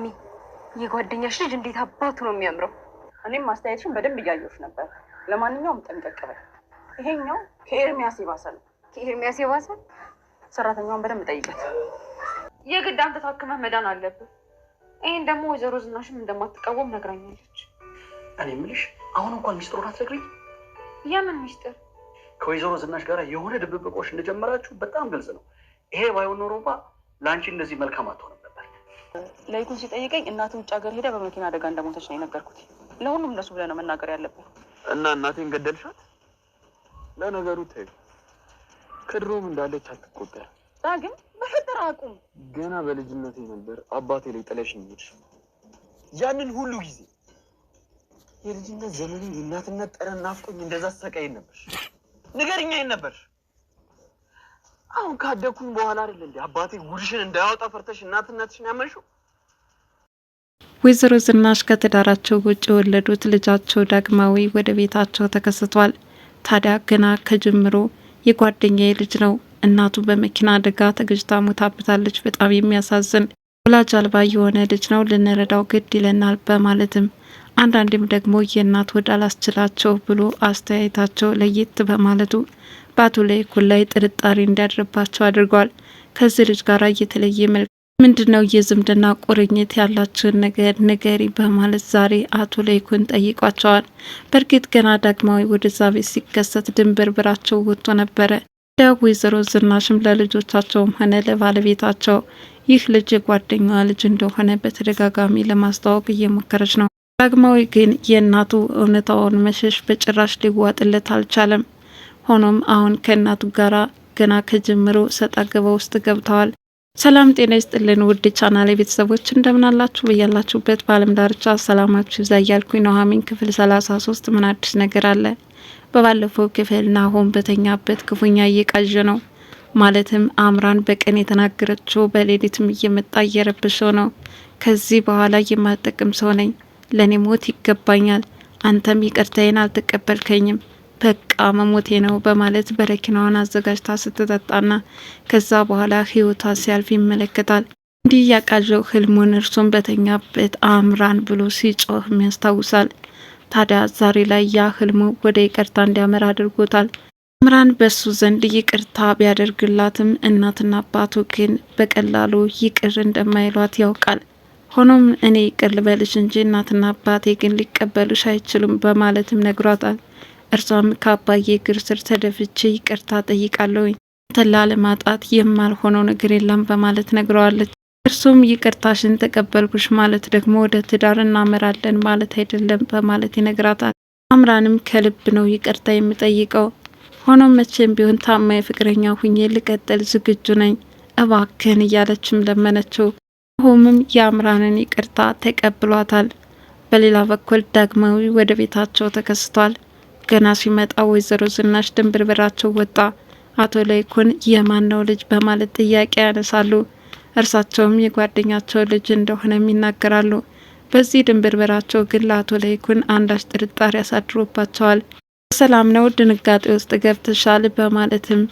ማሚ የጓደኛሽ ልጅ እንዴት አባቱ ነው የሚያምረው። እኔም አስተያየትሽን በደንብ እያየሁሽ ነበር። ለማንኛውም ጠንቀቅ በል። ይሄኛው ከኤርሚያስ የባሰ ነው። ከኤርሚያስ የባሰ ሰራተኛውን በደንብ ጠይቀት። የግድ አንተ ታክመህ መዳን አለብህ። ይህን ደግሞ ወይዘሮ ዝናሽም እንደማትቃወም ነግራኛለች። እኔ የምልሽ አሁን እንኳን ሚስጥሩን አትነግሪኝ። የምን ሚስጥር? ከወይዘሮ ዝናሽ ጋር የሆነ ድብብቆሽ እንደጀመራችሁ በጣም ግልጽ ነው። ይሄ ባይሆን ኖሮ እንኳ ለአንቺ እንደዚህ መልካም አትሆንም። ለይቱን ሲጠይቀኝ እናት ውጭ ሀገር ሄዳ በመኪና አደጋ እንደሞተች ነው የነገርኩት። ለሁሉም እነሱ ብለህ ነው መናገር ያለብህ። እና እናቴን ገደልሻት? ለነገሩ ተይ፣ ከድሮም እንዳለች አትቆጠር። ግን በፈጠር አቁም። ገና በልጅነቴ ነበር አባቴ ላይ ጥለሽ ሚሄድ። ያንን ሁሉ ጊዜ የልጅነት ዘመኔ የእናትነት ጠረን ናፍቆኝ እንደዛ ሰቃይን ነበር። ንገርኛይን ነበር አሁን ካደኩኝ በኋላ አይደል እንዲ አባቴ ጉድሽን እንዳያወጣ ፈርተሽ እናትነትሽን ያመንሽው? ወይዘሮ ዝናሽ ከትዳራቸው ውጭ የወለዱት ልጃቸው ዳግማዊ ወደ ቤታቸው ተከስቷል። ታዲያ ገና ከጀምሮ የጓደኛዬ ልጅ ነው፣ እናቱ በመኪና አደጋ ተገጅታ ሞታብታለች፣ በጣም የሚያሳዝን ወላጅ አልባ የሆነ ልጅ ነው፣ ልንረዳው ግድ ይለናል በማለትም አንዳንድም ደግሞ የእናት ወድ አላስችላቸው ብሎ አስተያየታቸው ለየት በማለቱ በአቶ ለይኩን ላይ ጥርጣሬ እንዲያድርባቸው አድርጓል። ከዚህ ልጅ ጋር እየተለየ መልክ ምንድነው የዝምድና ቁርኝት ያላችሁን ነገር ንገሪ በማለት ዛሬ አቶ ላይኩን ጠይቋቸዋል። በእርግጥ ገና ዳግማዊ ወደዛ ቤት ሲከሰት ድንብርብራቸው ወጥቶ ነበረ። ወይዘሮ ዝናሽም ለልጆቻቸውም ሆነ ለባለቤታቸው ይህ ልጅ የጓደኛዋ ልጅ እንደሆነ በተደጋጋሚ ለማስተዋወቅ እየሞከረች ነው። ዳግማዊ ግን የእናቱ እውነታውን መሸሽ በጭራሽ ሊዋጥለት አልቻለም። ሆኖም አሁን ከእናቱ ጋራ ገና ከጀምሮ ሰጣ ገባ ውስጥ ገብተዋል። ሰላም ጤና ይስጥልን ውድ ቻናል ቤተሰቦች እንደምናላችሁ በያላችሁበት በዓለም ዳርቻ ሰላማችሁ ይብዛ እያልኩኝ ኑሐሚን ክፍል ሰላሳ ሶስት ምን አዲስ ነገር አለ? በባለፈው ክፍል ናሆም በተኛበት ክፉኛ እየቃዥ ነው። ማለትም አምራን በቀን የተናገረችው በሌሊትም እየመጣ እየረብሸው ነው። ከዚህ በኋላ የማልጠቅም ሰው ነኝ ለእኔ ሞት ይገባኛል። አንተም ይቅርታዬን አልተቀበልከኝም በቃ መሞቴ ነው በማለት በረኪናዋን አዘጋጅታ ስትጠጣና ከዛ በኋላ ህይወቷ ሲያልፍ ይመለከታል። እንዲህ ያቃዠው ህልሙን እርሱን በተኛበት አምራን ብሎ ሲጮህም ያስታውሳል። ታዲያ ዛሬ ላይ ያ ህልሙ ወደ ይቅርታ እንዲያመራ አድርጎታል። አምራን በሱ ዘንድ ይቅርታ ቢያደርግላትም እናትና አባቱ ግን በቀላሉ ይቅር እንደማይሏት ያውቃል። ሆኖም እኔ ይቅር ልበልሽ እንጂ እናትና አባቴ ግን ሊቀበሉሽ አይችሉም በማለትም ነግሯታል። እርሷም ከአባዬ እግር ስር ተደፍቼ ይቅርታ ጠይቃለሁ ተላ ለማጣት የማልሆነው ነገር የለም በማለት ነግረዋለች። እርሱም ይቅርታሽን ተቀበልኩሽ ማለት ደግሞ ወደ ትዳር እናመራለን ማለት አይደለም በማለት ይነግራታል። አምራንም ከልብ ነው ይቅርታ የምጠይቀው። ሆኖም መቼም ቢሆን ታማኝ ፍቅረኛ ሁኜ ልቀጥል ዝግጁ ነኝ፣ እባክህን እያለችም ለመነችው። ሆምም የአምራንን ይቅርታ ተቀብሏታል። በሌላ በኩል ዳግማዊ ወደ ቤታቸው ተከስቷል። ገና ሲመጣ ወይዘሮ ዝናሽ ድንብርብራቸው ወጣ። አቶ ለይኩን ነው ልጅ በማለት ጥያቄ ያነሳሉ። እርሳቸውም የጓደኛቸው ልጅ እንደሆነም ይናገራሉ። በዚህ ድንብርብራቸው ግን ለአቶ ለይኩን አንዳች ጥርጣሬ ያሳድሮባቸዋል። ሰላም ነው ድንጋጤ ውስጥ ገብተሻል በማለትም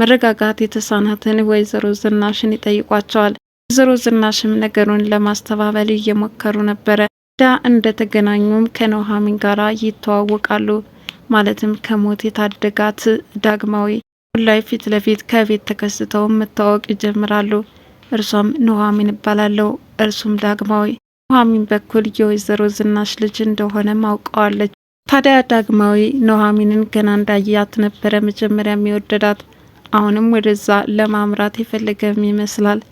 መረጋጋት የተሳናትን ወይዘሮ ዝናሽን ይጠይቋቸዋል። ወይዘሮ ዝናሽም ነገሩን ለማስተባበል እየሞከሩ ነበረ። ዳ እንደተገናኙም ከኑሐሚን ጋር ይተዋወቃሉ። ማለትም ከሞት የታደጋት ዳግማዊ ላይ ፊት ለፊት ከቤት ተከስተው መታወቅ ይጀምራሉ። እርሷም ኑሐሚን እባላለሁ፣ እርሱም ዳግማዊ። ኑሐሚን በኩል የወይዘሮ ዝናሽ ልጅ እንደሆነ አውቀዋለች። ታዲያ ዳግማዊ ኑሐሚንን ገና እንዳያት ነበረ መጀመሪያ የሚወደዳት። አሁንም ወደዛ ለማምራት የፈለገም ይመስላል።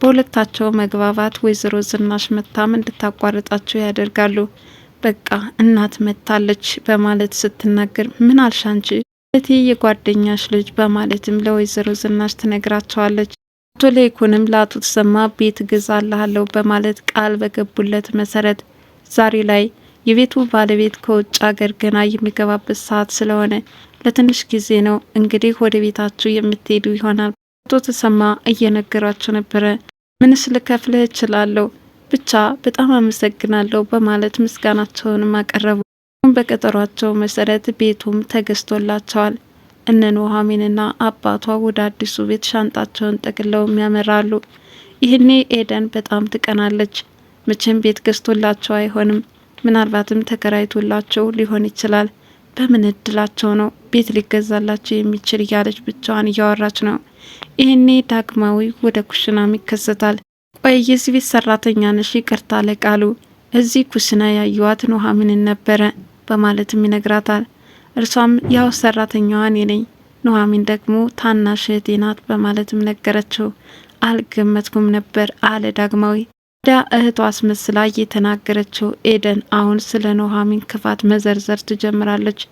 በሁለታቸው መግባባት ወይዘሮ ዝናሽ መታም እንድታቋርጣቸው ያደርጋሉ። በቃ እናት መታለች በማለት ስትናገር ምን አልሽ አንቺ የጓደኛሽ ልጅ በማለትም ለወይዘሮ ዝናሽ ትነግራቸዋለች። አቶ ላይኩንም ለአቶ ተሰማ ቤት እገዛልሃለሁ በማለት ቃል በገቡለት መሰረት ዛሬ ላይ የቤቱ ባለቤት ከውጭ ሀገር ገና የሚገባበት ሰዓት ስለሆነ ለትንሽ ጊዜ ነው እንግዲህ ወደ ቤታችሁ የምትሄዱ ይሆናል አቶ ተሰማ እየነገራቸው ነበረ። ምንስ ልከፍልህ እችላለሁ፣ ብቻ በጣም አመሰግናለሁ በማለት ምስጋናቸውንም አቀረቡ። በቀጠሯቸው መሰረት ቤቱም ተገዝቶላቸዋል። እነ ኑሐሚንና አባቷ ወደ አዲሱ ቤት ሻንጣቸውን ጠቅለውም ያመራሉ። ይህኔ ኤደን በጣም ትቀናለች። መቼም ቤት ገዝቶላቸው አይሆንም፣ ምናልባትም ተከራይቶላቸው ሊሆን ይችላል። በምን እድላቸው ነው ቤት ሊገዛላቸው የሚችል እያለች ብቻዋን እያወራች ነው። ይህኔ ዳግማዊ ወደ ኩሽናም ይከሰታል። ቆይ የዚህ ቤት ሰራተኛ ነሽ? ይቅርታ ለቃሉ እዚህ ኩሽና ያየዋት ኑሐሚንን ነበረ በማለትም ይነግራታል። እርሷም ያው ሰራተኛዋ እኔ ነኝ፣ ኑሐሚን ደግሞ ታናሽ እህቴ ናት በማለትም ነገረችው። አልገመትኩም ነበር አለ ዳግማዊ። ዳ እህቷ አስመስላ እየተናገረችው ኤደን አሁን ስለ ኑሐሚን ክፋት መዘርዘር ትጀምራለች።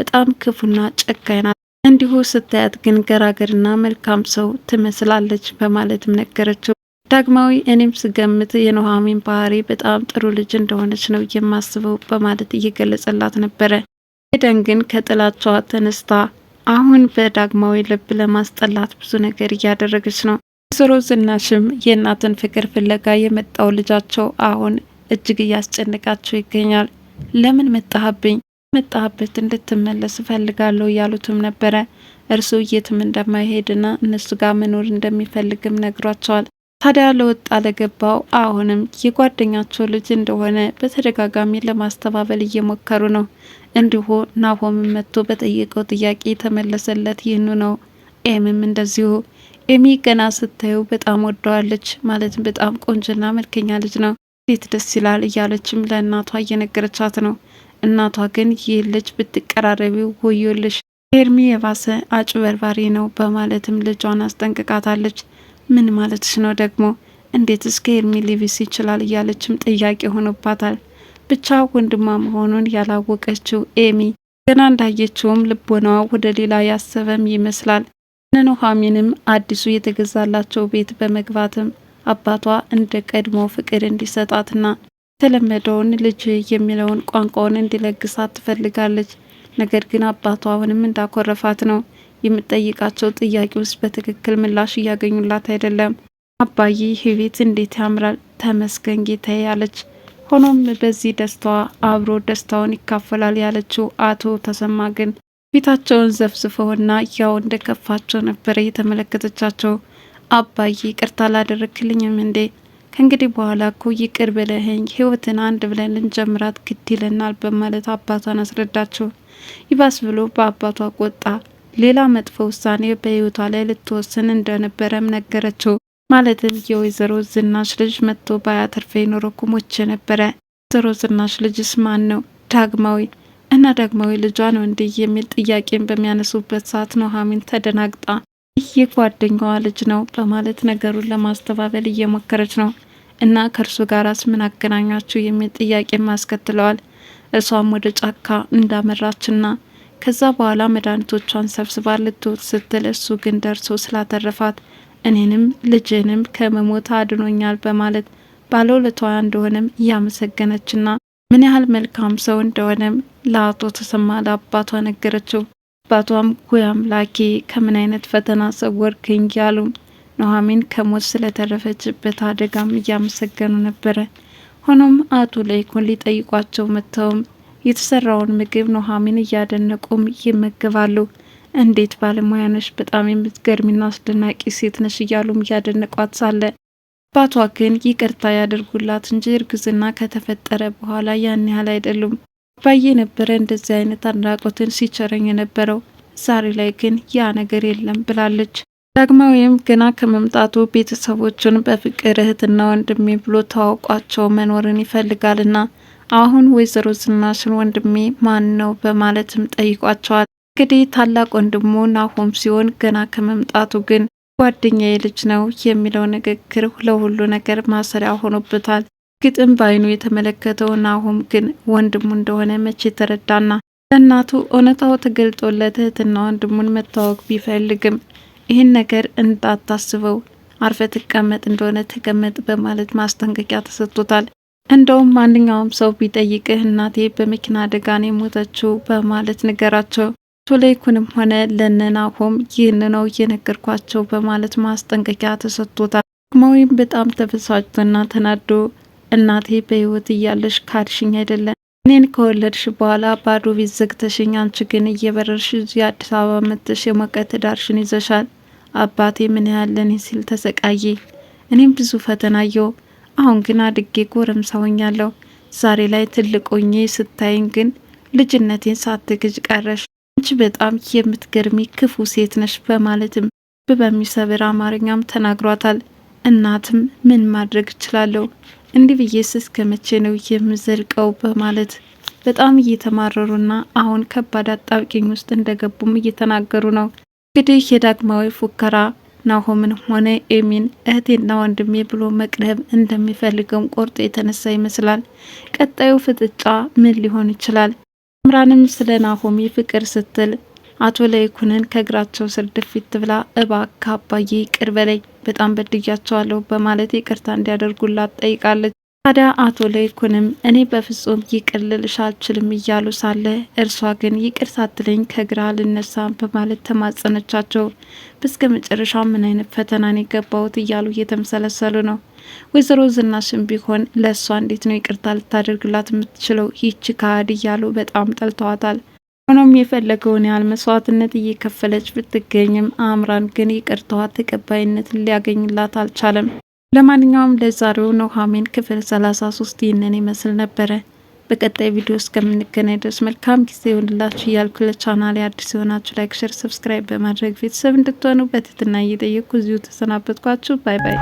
በጣም ክፉና ጨካኝ ናት። እንዲሁ ስታያት ግን ገራገርና መልካም ሰው ትመስላለች በማለትም ነገረችው። ዳግማዊ እኔም ስገምት የኑሐሚን ባህሪ በጣም ጥሩ ልጅ እንደሆነች ነው የማስበው በማለት እየገለጸላት ነበረ። ኤደን ግን ከጥላቸዋ ተነስታ አሁን በዳግማዊ ልብ ለማስጠላት ብዙ ነገር እያደረገች ነው። ወይዘሮ ዝናሽም የእናትን ፍቅር ፍለጋ የመጣው ልጃቸው አሁን እጅግ እያስጨነቃቸው ይገኛል። ለምን መጣህብኝ መጣህበት እንድትመለስ እፈልጋለሁ እያሉትም ነበረ። እርሱ የትም እንደማይሄድና እነሱ ጋር መኖር እንደሚፈልግም ነግሯቸዋል። ታዲያ ለወጣ ለገባው አሁንም የጓደኛቸው ልጅ እንደሆነ በተደጋጋሚ ለማስተባበል እየሞከሩ ነው። እንዲሁ ናሆም መጥቶ በጠየቀው ጥያቄ የተመለሰለት ይህኑ ነው። ኤምም እንደዚሁ ኤሚ ገና ስታዩ በጣም ወደዋለች። ማለትም በጣም ቆንጆና መልከኛ ልጅ ነው፣ እንዴት ደስ ይላል እያለችም ለእናቷ እየነገረቻት ነው። እናቷ ግን ይህ ልጅ ብትቀራረቢው ወዮልሽ፣ ኤርሚ የባሰ አጭበርባሪ ነው በማለትም ልጇን አስጠንቅቃታለች። ምን ማለትሽ ነው ደግሞ እንዴትስ ከኤርሚ ሊቪስ ይችላል እያለችም ጥያቄ ሆኖባታል። ብቻ ወንድሟ መሆኑን ያላወቀችው ኤሚ ገና እንዳየችውም ልቦናዋ ወደ ሌላ ያሰበም ይመስላል። ኑሃሚንም አዲሱ የተገዛላቸው ቤት በመግባትም አባቷ እንደ ቀድሞ ፍቅር እንዲሰጣትና የተለመደውን ልጅ የሚለውን ቋንቋውን እንዲለግሳት ትፈልጋለች። ነገር ግን አባቷ አሁንም እንዳኮረፋት ነው። የምጠይቃቸው ጥያቄ ውስጥ በትክክል ምላሽ እያገኙላት አይደለም። አባዬ ይህ ቤት እንዴት ያምራል፣ ተመስገን ጌታዬ አለች። ሆኖም በዚህ ደስታዋ አብሮ ደስታውን ይካፈላል ያለችው አቶ ተሰማ ግን ፊታቸውን ዘፍዝፈውና ያው እንደከፋቸው ነበረ የተመለከተቻቸው። አባዬ ቅርታ ላደረግክልኝም እንዴ ከእንግዲህ በኋላ እኮ ይቅር ብለህኝ ህይወትን አንድ ብለን ልንጀምራት ግድ ይለናል በማለት አባቷን አስረዳቸው። ይባስ ብሎ በአባቷ ቆጣ። ሌላ መጥፎ ውሳኔ በህይወቷ ላይ ልትወስን እንደነበረም ነገረችው። ማለትም የወይዘሮ ዝናሽ ልጅ መጥቶ ባያተርፌ ኖሮ እኮ ሞቼ ነበረ። ወይዘሮ ዝናሽ ልጅስ ማን ነው? ዳግማዊ እና ዳግማዊ ልጇ ነው እንዲህ የሚል ጥያቄን በሚያነሱበት ሰዓት ኑሐሚን ተደናግጣ ይህ የጓደኛዋ ልጅ ነው በማለት ነገሩን ለማስተባበል እየሞከረች ነው። እና ከእርሱ ጋራስ ምን አገናኛችሁ የሚል ጥያቄም አስከትለዋል። እሷም ወደ ጫካ እንዳመራችና ከዛ በኋላ መድኃኒቶቿን ሰብስባ ልትወት ስትል እሱ ግን ደርሶ ስላተረፋት እኔንም ልጅንም ከመሞት አድኖኛል በማለት ባለውለቷ እንደሆነም እያመሰገነችና ምን ያህል መልካም ሰው እንደሆነም ለአቶ ተሰማ ለአባቷ ነገረችው። አባቷም ወይ አምላኬ ከምን አይነት ፈተና ሰወርከኝ ያሉ ኑሐሚን ከሞት ስለተረፈችበት አደጋም እያመሰገኑ ነበረ። ሆኖም አቶ ለይኩን ሊጠይቋቸው መጥተውም የተሰራውን ምግብ ኑሐሚን እያደነቁም ይመገባሉ። እንዴት ባለሙያ ነሽ፣ በጣም የምትገርሚና አስደናቂ ሴት ነሽ እያሉም እያደነቋት ሳለ አባቷ ግን ይቅርታ ያደርጉላት እንጂ እርግዝና ከተፈጠረ በኋላ ያን ያህል አይደሉም ባየ ነበረ እንደዚህ አይነት አድናቆትን ሲቸረኝ የነበረው ዛሬ ላይ ግን ያ ነገር የለም ብላለች። ዳግማዊም ገና ከመምጣቱ ቤተሰቦቹን በፍቅር እህትና ወንድሜ ብሎ ታውቋቸው መኖርን ይፈልጋልና አሁን ወይዘሮ ዝናሽን ወንድሜ ማን ነው በማለትም ጠይቋቸዋል። እንግዲህ ታላቅ ወንድሙ ናሆም ሲሆን ገና ከመምጣቱ ግን ጓደኛዬ ልጅ ነው የሚለው ንግግር ለሁሉ ነገር ማሰሪያ ሆኖበታል። ግጥም በአይኑ የተመለከተው ናሆም ግን ወንድሙ እንደሆነ መቼ ተረዳና ለእናቱ እውነታው ተገልጦለት እህትና ወንድሙን መታወቅ ቢፈልግም ይህን ነገር እንዳታስበው አርፈ ትቀመጥ እንደሆነ ተቀመጥ በማለት ማስጠንቀቂያ ተሰጥቶታል። እንደውም ማንኛውም ሰው ቢጠይቅህ እናቴ በመኪና አደጋ ነው የሞተችው በማለት ንገራቸው። ሶሌይኩንም ሆነ ለነናሆም ይህን ነው እየነገርኳቸው በማለት ማስጠንቀቂያ ተሰጥቶታል። ግርማዊም በጣም ተበሳጭቶና ተናዶ እናቴ በህይወት እያለሽ ካድሽኝ አይደለም እኔን ከወለድሽ በኋላ ባዶ ቤት ዘግተሽኝ፣ አንቺ ግን እየበረርሽ እዚህ አዲስ አበባ መጥተሽ የሞቀ ትዳርሽን ይዘሻል። አባቴ ምን ያለን ሲል ተሰቃየ። እኔም ብዙ ፈተና አየሁ። አሁን ግን አድጌ ጎረምሳ ሆኛለሁ። ዛሬ ላይ ትልቆኜ ስታይኝ ግን ልጅነቴን ሳትግጅ ቀረሽ። አንቺ በጣም የምትገርሚ ክፉ ሴት ነሽ በማለትም በሚሰብር አማርኛም ተናግሯታል። እናትም ምን ማድረግ እችላለሁ እንዲህ ብዬስ እስከ መቼ ነው የምዘልቀው? በማለት በጣም እየተማረሩና አሁን ከባድ አጣብቂኝ ውስጥ እንደገቡም እየተናገሩ ነው። እንግዲህ የዳግማዊ ፉከራ ናሆምን ሆነ ኤሚን እህቴና ወንድሜ ብሎ መቅረብ እንደሚፈልገውም ቆርጦ የተነሳ ይመስላል። ቀጣዩ ፍጥጫ ምን ሊሆን ይችላል? ምራንም ስለ ናሆሚ ፍቅር ስትል አቶ ለይኩንን ከእግራቸው ስር ድፊት ብላ እባክህ አባዬ ይቅር በለኝ በጣም በድያቸዋለሁ በማለት ይቅርታ እንዲያደርጉላት ጠይቃለች። ታዲያ አቶ ለይኩንም እኔ በፍጹም ይቅር ልልሽ አልችልም እያሉ ሳለ እርሷ ግን ይቅር ሳትለኝ ከግራ ልነሳ በማለት ተማጸነቻቸው። በስከ መጨረሻ ምን አይነት ፈተናን የገባሁት እያሉ እየተመሰለሰሉ ነው። ወይዘሮ ዝናሽም ቢሆን ለእሷ እንዴት ነው ይቅርታ ልታደርግላት የምትችለው ይቺ ካህድ እያሉ በጣም ጠልተዋታል። ሆኖም የፈለገውን ያህል መስዋዕትነት እየከፈለች ብትገኝም አምራን ግን ይቅርታዋ ተቀባይነትን ሊያገኝላት አልቻለም። ለማንኛውም ለዛሬው ኑሃሚን ክፍል 33 ይህንን ይመስል ነበረ። በቀጣይ ቪዲዮ እስከምንገናኝ ድረስ መልካም ጊዜ ይሆንላችሁ እያልኩ ለቻናል አዲስ የሆናችሁ ላይክ፣ ሸር፣ ሰብስክራይብ በማድረግ ቤተሰብ እንድትሆኑ በትህትና እየጠየቅኩ እዚሁ ተሰናበትኳችሁ። ባይ ባይ።